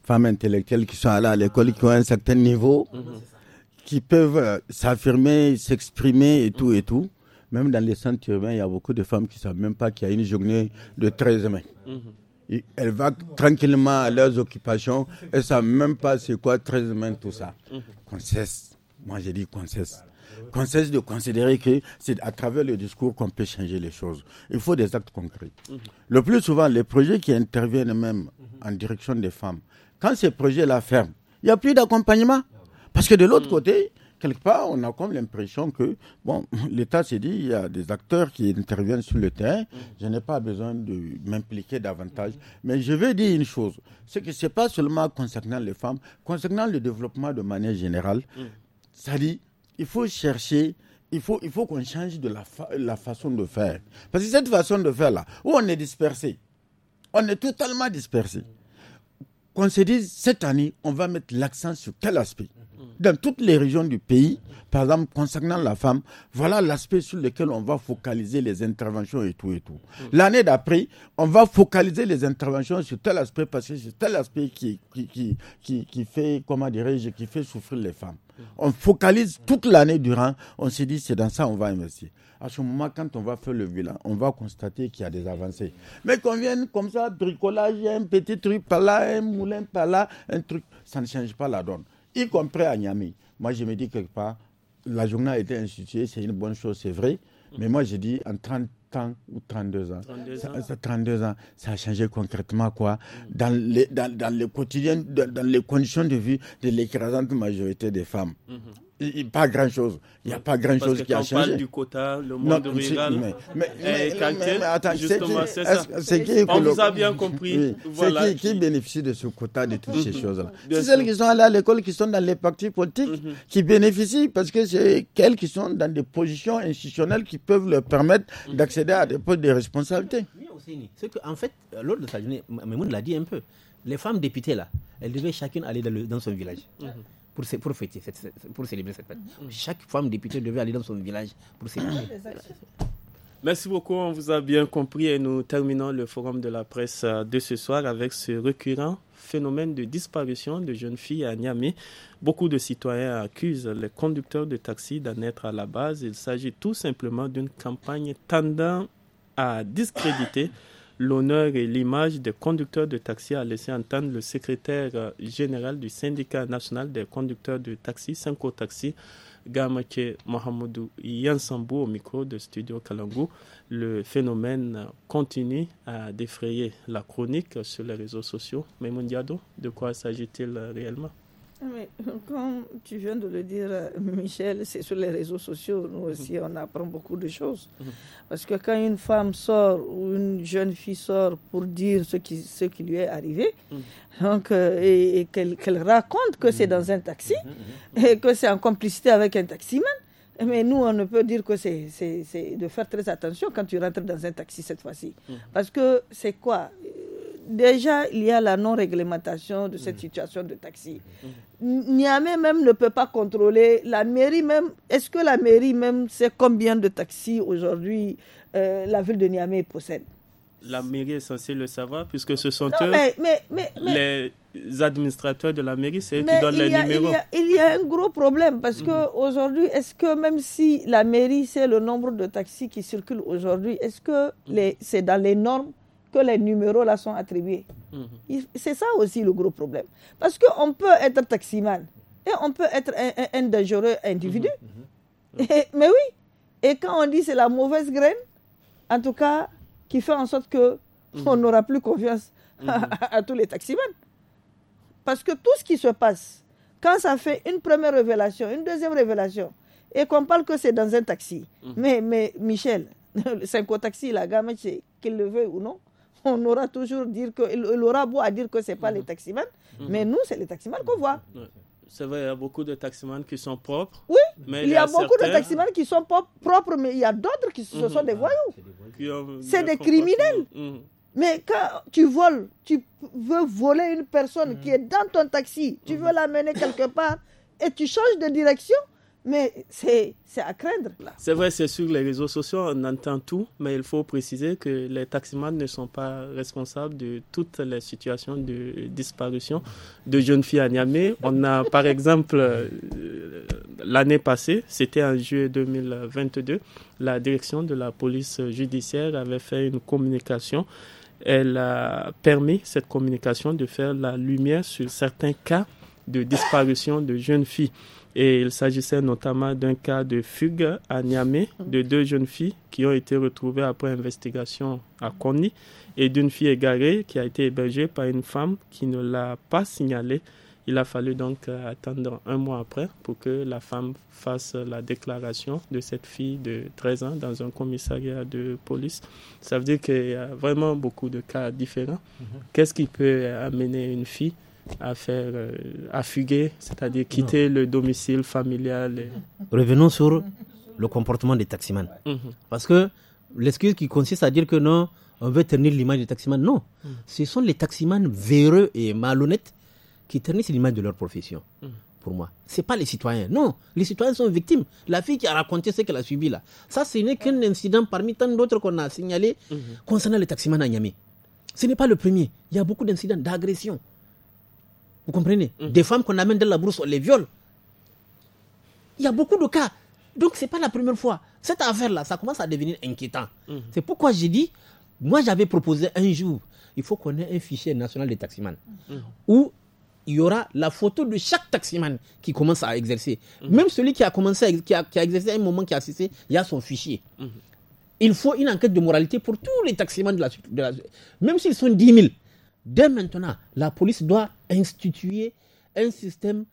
Femmes intellectuelles qui sont allées à l'école, qui ont un certain niveau, mhm. qui peuvent euh, s'affirmer, s'exprimer et tout et tout. Même dans les centres urbains, il y a beaucoup de femmes qui ne savent même pas qu'il y a une journée de 13 mai. Mhm elle va tranquillement à leurs occupations. Elles ne savent même pas c'est quoi 13 mains, tout ça. Qu'on cesse. Moi, j'ai dit qu'on cesse. Qu'on cesse de considérer que c'est à travers le discours qu'on peut changer les choses. Il faut des actes concrets. Le plus souvent, les projets qui interviennent même en direction des femmes, quand ces projets la ferment, il n'y a plus d'accompagnement. Parce que de l'autre mm. côté, quelque part, on a comme l'impression que, bon, l'État s'est dit, il y a des acteurs qui interviennent sur le terrain, mm. je n'ai pas besoin de m'impliquer davantage. Mais je veux dire une chose, c'est que ce n'est pas seulement concernant les femmes, concernant le développement de manière générale, ça mm. dit, il faut chercher il faut, il faut qu'on change de la, façon de faire. Parce que cette façon de faire-là, où on est dispersé, on est totalement dispersé qu'on se dise, cette année, on va mettre l'accent sur quel aspect. Dans toutes les régions du pays, par exemple, concernant la femme, voilà l'aspect sur lequel on va focaliser les interventions et tout et tout. L'année d'après, on va focaliser les interventions sur tel aspect parce que c'est tel aspect qui, qui, qui, qui, qui fait, comment dirais-je, qui fait souffrir les femmes. On focalise toute l'année durant. On se dit, c'est dans ça on va investir. À ce moment, quand on va faire le bilan, on va constater qu'il y a des avancées. Mais qu'on vienne comme ça, bricolage, un petit truc par là, un moulin par là, un truc, ça ne change pas la donne. Y compris à Niamey. Moi, je me dis quelque part, la journée a été instituée, c'est une bonne chose, c'est vrai. Mais moi, je dis, en 30 ou 32 ans. 32 ans. Ça, ans. Ça, a changé concrètement quoi dans, les, dans, le quotidien, dans, les conditions de vie de l'écrasante majorité des femmes. Mhm pas grand-chose. Il n'y a pas grand-chose qui a changé. Parle du quota, le monde non, rural. Mais, mais, mais, c'est qui, qui, On vous a bien compris. Qui, bénéficie de ce quota, de toutes ces mhm. choses-là C'est celles qui sont allées à l'école, qui sont dans les partis politiques, mhm. qui bénéficient parce que c'est elles qui sont dans des positions institutionnelles qui peuvent leur permettre mhm. d'accéder à des postes de responsabilité. En En fait, lors de sa journée, Mémoun l'a dit un peu, les femmes députées là, elles devaient chacune aller dans, ce dans son village pour, pour célébrer cette fête. Mm-hmm. Chaque femme députée devait aller dans son village pour célébrer. Mm-hmm. Merci beaucoup, on vous a bien compris et nous terminons le forum de la presse euh, de ce soir avec ce récurrent phénomène de disparition de jeunes filles à Niamey. Beaucoup de citoyens accusent les conducteurs de taxis d'en être à la base. Il s'agit tout simplement d'une campagne tendant à discréditer l'honneur et l'image des conducteurs de taxi, a laissé entendre le secrétaire euh, général du syndicat national des conducteurs de taxi, Sanko Taxi, Gamache Mohamedou Yansambou au micro de Studio Kalangou. Le phénomène continue à défrayer la chronique sur les réseaux sociaux. Mais Mundiado, de quoi s'agit-il euh, réellement mais comme tu viens de le dire, Michel, c'est sur les réseaux sociaux, nous mhm. aussi, on apprend beaucoup de choses. Mhm. Parce que quand une femme sort ou une jeune fille sort pour dire ce qui, ce qui lui est arrivé, mhm. donc, euh, et, qu'elle raconte que c'est dans un taxi, et que c'est en complicité avec un taximan, mais nous, on ne peut dire que c'est de faire très attention quand tu rentres dans un taxi cette fois-ci. Parce que c'est quoi déjà, il y a la non-réglementation de cette mm. situation de taxi. Mm. Niamey même ne peut pas contrôler. La mairie même, est-ce que la mairie même sait combien de taxis aujourd'hui euh, la ville de Niamey possède La mairie est censée le savoir puisque ce sont eux les administrateurs de la mairie, c'est eux qui donnent les numéros. Il y, a, il y, a, un gros problème parce qu'aujourd'hui que mm. est-ce que même si la mairie sait le nombre de taxis qui circulent aujourd'hui, est-ce que c'est dans les normes les numéros là sont attribués. Mhm. C'est ça aussi le gros problème. Parce qu'on peut être taximan et on peut être un, dangereux individu. Mhm. Mhm. mais oui. Et quand on dit c'est la mauvaise graine, en tout cas, qui fait en sorte que on n'aura plus confiance à, tous les taximans. Parce que tout ce qui se passe, quand ça fait une première révélation, une deuxième révélation, et qu'on parle que c'est dans un taxi, mais, mais Michel, le 5 taxi, la gamme, qu'il le veut ou non, on aura toujours dire que, il beau à dire que c'est pas les mhm. taximans, mhm. mais nous, c'est les taximans qu'on voit. C'est vrai, il y a beaucoup de taximans qui sont propres. Oui, mais il y, a, beaucoup de taximans qui sont propres, mais il y a d'autres qui mhm. sont des ah. voyous. C'est des criminels. Mais quand tu voles, tu veux voler une personne qui est dans ton taxi, tu veux l'amener quelque part et tu changes de direction, mais c'est à craindre. C'est vrai, c'est sur les réseaux sociaux, on entend tout, mais il faut préciser que les taximans ne sont pas responsables de toutes les situations de disparition de jeunes filles à Niamey. On a, par exemple, euh, l'année passée, c'était en juillet 2022, la direction de la police judiciaire avait fait une communication elle a permis cette communication de faire la lumière sur certains cas de disparition de jeunes filles. Et il s'agissait notamment d'un cas de fugue à Niamey de deux jeunes filles qui ont été retrouvées après investigation à Konni et d'une fille égarée qui a été hébergée par une femme qui ne l'a pas signalée. Il a fallu donc euh, attendre un mois après pour que la femme fasse la déclaration de cette fille de 13 ans dans un commissariat de police. Ça veut dire qu'il y a vraiment beaucoup de cas différents. Mhm. Qu'est-ce qui peut amener une fille à faire, euh, fuguer, c'est-à-dire quitter le domicile familial. Revenons sur le comportement des taximans. Mhm. Parce que l'excuse qui consiste à dire que non, on veut tenir l'image des taximans, non. Mhm. Ce sont les taximans véreux et malhonnêtes qui ternissent l'image de leur profession. Mhm. Pour moi, c'est pas les citoyens. Non, les citoyens sont victimes. La fille qui a raconté ce qu'elle a subi là, ça ce n'est qu'un incident parmi tant d'autres qu'on a signalé concernant les taximans à Niamey. Ce n'est pas le premier. Il y a beaucoup d'incidents d'agression vous comprenez mm. Des femmes qu'on amène dans la brousse, on les viole. Il y a beaucoup de cas. Donc, ce n'est pas la première fois. Cette affaire-là, ça commence à devenir inquiétant. Mm. C'est pourquoi j'ai dit, moi, j'avais proposé un jour, il faut qu'on ait un fichier national des taximans mm. où il y aura la photo de chaque taximan qui commence à exercer. Même celui qui a commencé, qui a, exercé à un moment, qui a cessé, il y a son fichier. Il faut une enquête de moralité pour tous les taximans de la, de même s'ils sont 10 000. Dès maintenant, la police doit instituer un système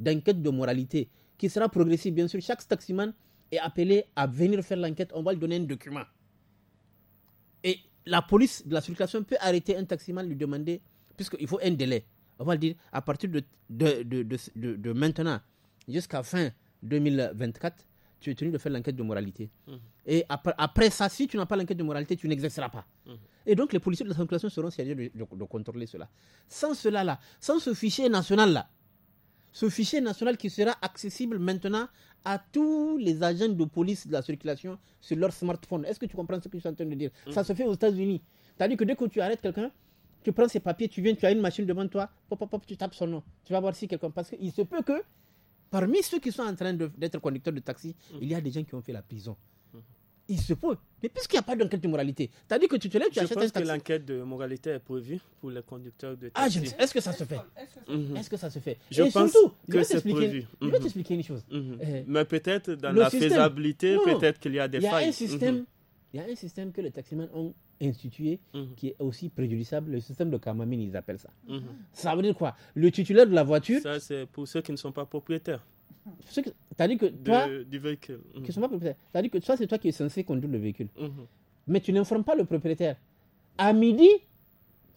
d'enquête de, moralité qui sera progressif, bien sûr. Chaque taximan est appelé à venir faire l'enquête. On va lui donner un document. Et la police de la circulation peut arrêter un taximan, lui demander, puisqu'il faut un délai. On va dire, à partir de, de, maintenant jusqu'à fin 2024, tu es tenu de faire l'enquête de moralité. Mmh. Et après, ça, si tu n'as pas l'enquête de moralité, tu n'exerceras pas. Mmh. Et donc, les policiers de la circulation seront sérieux de, contrôler cela. Sans cela, là, sans ce fichier national, là, ce fichier national qui sera accessible maintenant à tous les agents de police de la circulation sur leur smartphone. Est-ce que tu comprends ce que je suis en train de dire Ça se fait aux États-Unis. à que dès que tu arrêtes quelqu'un, tu prends ses papiers, tu viens, tu as une machine devant toi, pop, tu tapes son nom. Tu vas voir si quelqu'un. Parce qu'il se peut que parmi ceux qui sont en train d'être conducteurs de taxi, mm. il y a des gens qui ont fait la prison il se peut. Mais puisqu'il n'y a pas d'enquête de moralité, tu as que tu te lèves, tu je achètes un taxi. pense que l'enquête de moralité est prévue pour les conducteurs de ah, taxi. Ah, Est-ce que ça se fait Est-ce que ça se fait mhm. Je pense que c'est prévu. Je vais mhm. t'expliquer une chose. Mhm. Euh, Mais peut-être dans la faisabilité, peut-être qu'il y a des failles. Il y a un système que les taximans ont institué qui est aussi préjudiciable. Le système de Kamamine, ils appellent ça. Ça veut dire quoi Le titulaire de la voiture. Ça, c'est pour ceux qui ne sont pas propriétaires. C'est-à-dire mm. que toi. cest toi, qui es censé conduire le véhicule. Mm-hmm. Mais tu n'informes pas le propriétaire. À midi,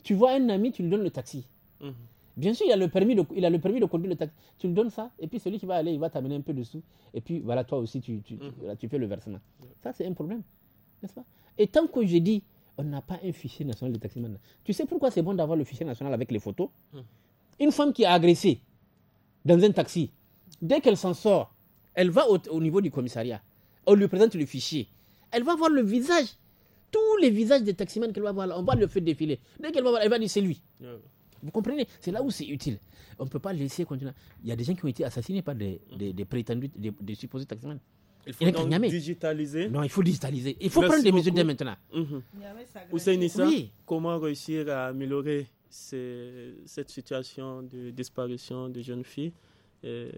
tu vois un ami, tu lui donnes le taxi. Mm-hmm. Bien sûr, il a, le permis de, il a le permis de conduire le taxi. Tu lui donnes ça, et puis celui qui va aller, il va t'amener un peu dessous. Et puis voilà, toi aussi, tu, tu, tu, mm-hmm. fais le versement. Ça, c'est un problème. N'est-ce pas Et tant que je dis, on n'a pas un fichier national de taxi. maintenant. Tu sais pourquoi c'est bon d'avoir le fichier national avec les photos mm. Une femme qui a agressé dans un taxi, Dès qu'elle s'en sort, elle va au, niveau du commissariat. On lui présente le fichier. Elle va voir le visage. Tous les visages des taximans qu'elle va voir, là, on va le faire défiler. Dès qu'elle va voir, elle va dire c'est lui. Vous comprenez C'est là où c'est utile. On ne peut pas laisser continuer. Il y a des gens qui ont été assassinés par des, des, prétendus, des, supposés taximans. Il faut donc digitaliser. Non, il faut digitaliser. Il faut prendre des mesures dès maintenant. Mm -hmm. oui. comment réussir à améliorer cette situation de disparition de jeunes filles euh,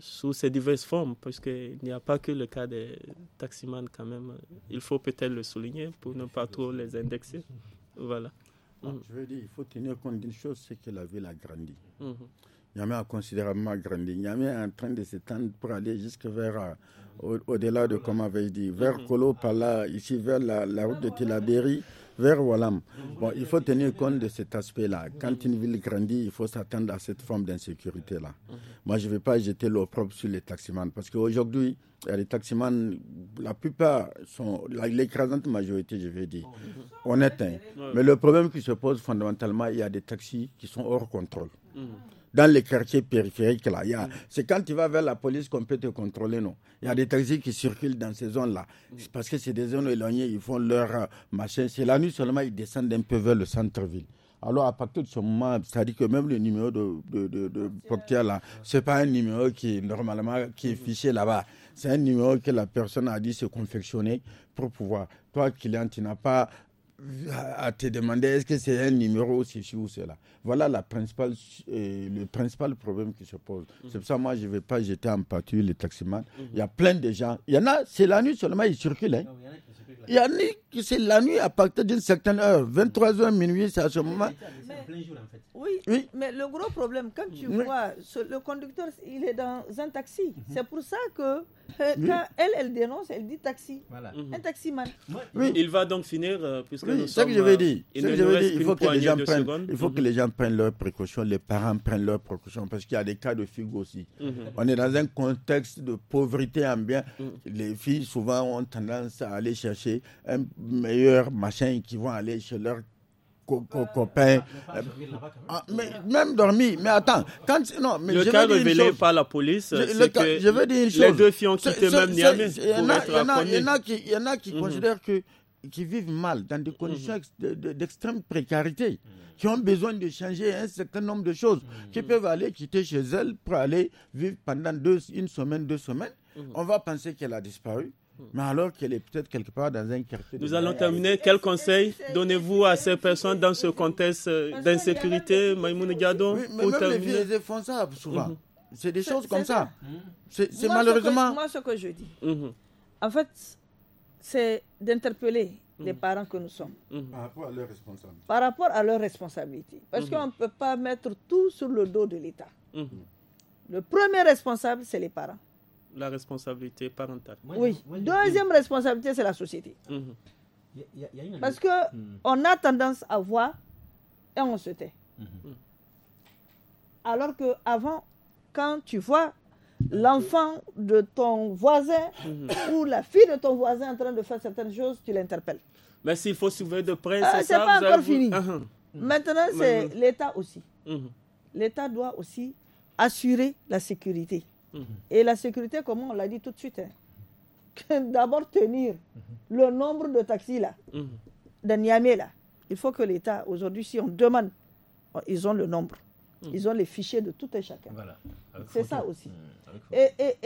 sous ces diverses formes, parce qu'il n'y a pas que le cas des taximans quand même. Il faut peut-être le souligner pour ne pas trop les indexer. Voilà. Ah, mhm. Je veux dire, il faut tenir compte d'une chose, c'est que la ville a grandi. Mm -hmm. a considérablement grandi. Niamey est en train de s'étendre pour aller jusque euh, au-delà de, comme avait dit, vers mhm. Kolo, par là, ici, vers la, route de Tilaberi, vers Walam. Bon, il faut tenir compte de cet aspect-là. Quand une ville grandit, il faut s'attendre à cette forme d'insécurité-là. Mhm. Moi, je ne vais pas jeter l'opprobre sur les taximans, parce qu'aujourd'hui, euh, les taximans, la plupart sont, l'écrasante majorité, je vais dire, mhm. honnête. Hein. Mais le problème qui se pose fondamentalement, il y a des taxis qui sont hors contrôle dans les quartiers périphériques là. Mm. C'est quand tu vas vers la police qu'on peut te contrôler, non Il y a des taxis qui circulent dans ces zones-là. Mm. Parce que c'est des zones éloignées, ils font leur euh, machin. C'est la nuit seulement, ils descendent un peu vers le centre-ville. Alors à partir de ce moment, c'est-à-dire que même le numéro de, de, de, de là, c'est pas un numéro qui normalement qui est mm. fiché là-bas. C'est un numéro que la personne a dit se confectionner pour pouvoir. Toi, client, tu n'as pas à te demander est-ce que c'est un numéro, aussi ou cela. Voilà la principale, euh, le principal problème qui se pose. Mhm. C'est pour ça moi, je ne vais pas jeter en pâture les taximans. Mhm. Il y a plein de gens. Il y en a, c'est la nuit seulement, ils circulent. Hein. il y en a qui, c'est la nuit à partir d'une certaine heure. 23h, minuit, c'est à ce moment. Mais, oui, oui, mais le gros problème, quand tu vois, le conducteur, il est dans un taxi. Mhm. C'est pour ça que euh, quand elle, elle dénonce, elle dit taxi. Voilà. Mhm. Un Oui. Il va donc finir, euh, puisque que je veux dire. Il, il faut, que les, gens prennent, il faut que les gens prennent leurs précautions, les parents prennent leurs précautions, parce qu'il y a des cas de fugue aussi. Mhm. On est dans un contexte de pauvreté ambiante. Mhm. Les filles, souvent, ont tendance à aller chercher un meilleur machin qui vont aller chez leur copains. Euh, ah, même dormi. Mais attends, quand non, mais le je cas révélé par la police, je, que veux dire une chose. Les deux filles ont quitté même Niamey Il y en a qui, y en a qui mhm. considèrent que qui vivent mal, dans des conditions d'extrême précarité, qui ont besoin de changer un certain nombre de choses, mhm. qui peuvent aller quitter chez elles pour aller vivre pendant deux, une semaine, deux semaines. Mhm. On va penser qu'elle a disparu. Hmm. mais alors qu'elle est peut-être quelque part dans un quartier. Nous allons terminer. Quel conseil donnez-vous à ces personnes dans ce contexte euh, d'insécurité, Maïmoun Gado oui, mais même les filles font ça souvent. Mhm. C'est des choses comme ça. Mhm. C'est malheureusement. moi, ce que je dis, mhm. en fait, c'est d'interpeller les parents que nous sommes. Par rapport à leurs responsabilités. Par rapport à leurs responsabilités. Parce qu'on ne peut pas mettre tout sur le dos de l'État. Le premier responsable, c'est les parents la responsabilité parentale. Oui. Deuxième responsabilité, c'est la société. Parce que on a tendance à voir et on se tait. Hmm. Hmm. Alors que avant, quand tu vois l'enfant de ton voisin mhm. ou la fille de ton voisin en train de faire certaines choses, tu l'interpelles. Mais s'il faut surveiller de près, ah, c'est pas encore fini. Hmm. Maintenant, c'est l'État aussi. Mhm. L'État doit aussi assurer la sécurité Mhm. Et la sécurité, comment on l'a dit tout de suite, hein, d'abord tenir mhm. le nombre de taxis là, mhm. de là. Il faut que l'État, aujourd'hui, si on demande, oh, ils ont le nombre. Ils ont les fichiers de tout et chacun. C'est ça aussi. Et,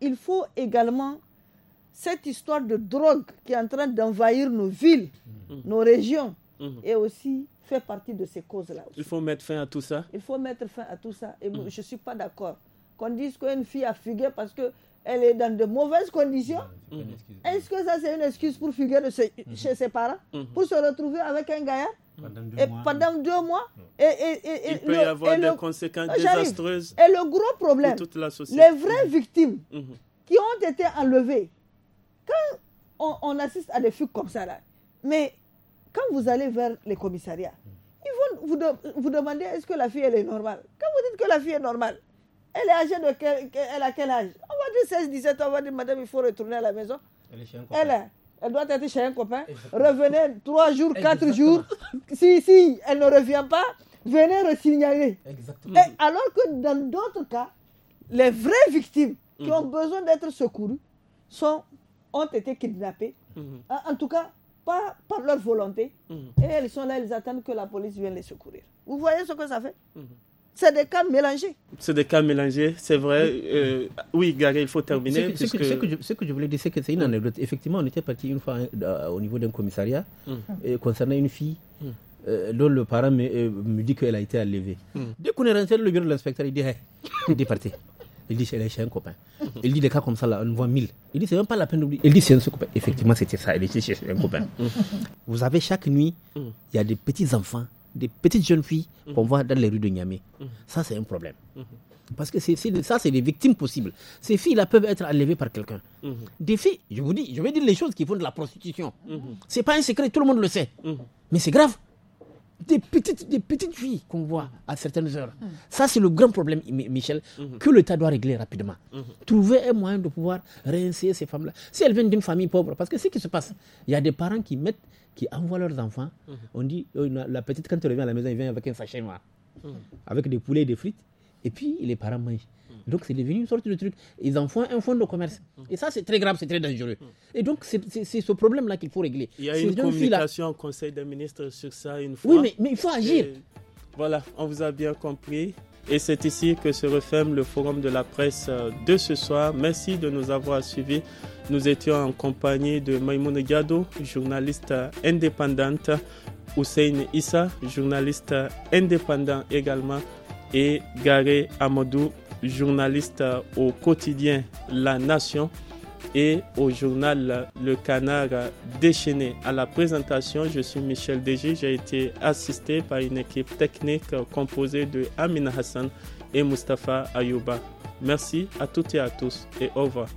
il faut également cette histoire de drogue qui est en train d'envahir nos villes, nos régions, et aussi fait partie de ces causes-là. Il faut mettre fin à tout ça. Il faut mettre fin à tout ça. Et je ne suis pas d'accord qu'on dise qu'une fille a fugué parce qu'elle est dans de mauvaises conditions, est-ce que ça c'est une excuse pour fuguer mhm. chez ses parents, mhm. pour se retrouver avec un gaillard pendant deux, et mois, pendant deux mois. Mhm. Et, Il peut y avoir des conséquences ah, désastreuses. Et le gros problème, les vraies victimes qui ont été enlevées, quand on, assiste à des fugues comme ça, mais quand vous allez vers les commissariats, ils vont vous, vous demander est-ce que la fille elle est normale. Quand vous dites que la fille est normale, elle est âgée de quel, elle a quel âge On va dire 16, 17 ans, on va dire madame, il faut retourner à la maison. Elle est chez un copain. Elle, est, elle doit être chez un copain. Revenez 3 jours, 4 jours. Si, si, elle ne revient pas, venez resignaler. Exactement. Et alors que dans d'autres cas, les vraies victimes qui mhm. ont besoin d'être secourues sont, ont été kidnappées. Mhm. En, tout cas, pas par leur volonté. Mhm. Et elles sont là, elles attendent que la police vienne les secourir. Vous voyez ce que ça fait c'est des cas mélangés. C'est des cas mélangés, c'est vrai. oui, euh, Gary, il faut terminer. ce, que je, voulais dire, c'est que c'est une anecdote. Effectivement, on était parti une fois euh, au niveau d'un commissariat hmm. euh, concernant une fille hmm. dont le parent me, dit qu'elle a été enlevée. Hmm. Dès qu'on est rentré le bureau de l'inspecteur, il dit Hé, il est parti. Il dit, c'est chez un copain. Il dit, des cas comme ça, là, on voit mille. Il dit, c'est même pas la peine d'oublier. Il dit, c'est un copain. Effectivement, c'était ça. Il était chez un copain. Vous avez chaque nuit, il y a des petits enfants des petites jeunes filles mhm. qu'on voit dans les rues de Niamey. Mhm. Ça, c'est un problème. Mhm. Parce que ça, c'est des victimes possibles. Ces filles-là peuvent être enlevées par quelqu'un. Des filles, je vous dis, je vais dire les choses qui font de la prostitution. C'est pas un secret, tout le monde le sait. Mais c'est grave des petites, des petites filles qu'on voit à certaines heures. Mm. Ça, c'est le grand problème, Michel, mm-hmm. que l'État doit régler rapidement. Mm-hmm. Trouver un moyen de pouvoir réinsérer ces femmes-là. Si elles viennent d'une famille pauvre, parce que ce qui se passe, il y a des parents qui mettent, qui envoient leurs enfants. Mm-hmm. On dit, oh, la petite, quand elle revient à la maison, elle vient avec un sachet noir, avec des poulets et des frites et puis les parents mangent. Mm. Donc c'est devenu une sorte de truc. Ils en font un fonds de commerce. Mm. Et ça, c'est très grave, c'est très dangereux. Mm. Et donc c'est ce problème-là qu'il faut régler. Il y a une communication au Conseil des ministres sur ça une fois. Oui, mais, il faut agir. voilà, on vous a bien compris. Et c'est ici que se referme le forum de la presse euh, de ce soir. Merci de nous avoir suivis. Nous étions en compagnie de Maïmoune Gado, journaliste euh, indépendante, Hussein Issa, journaliste euh, indépendant également et Garé Amadou, journaliste au quotidien La Nation et au journal Le Canard déchaîné. À la présentation, je suis Michel Deji. J'ai été assisté par une équipe technique composée de Amina Hassan et Mustapha Ayouba. Merci à toutes et à tous et au revoir.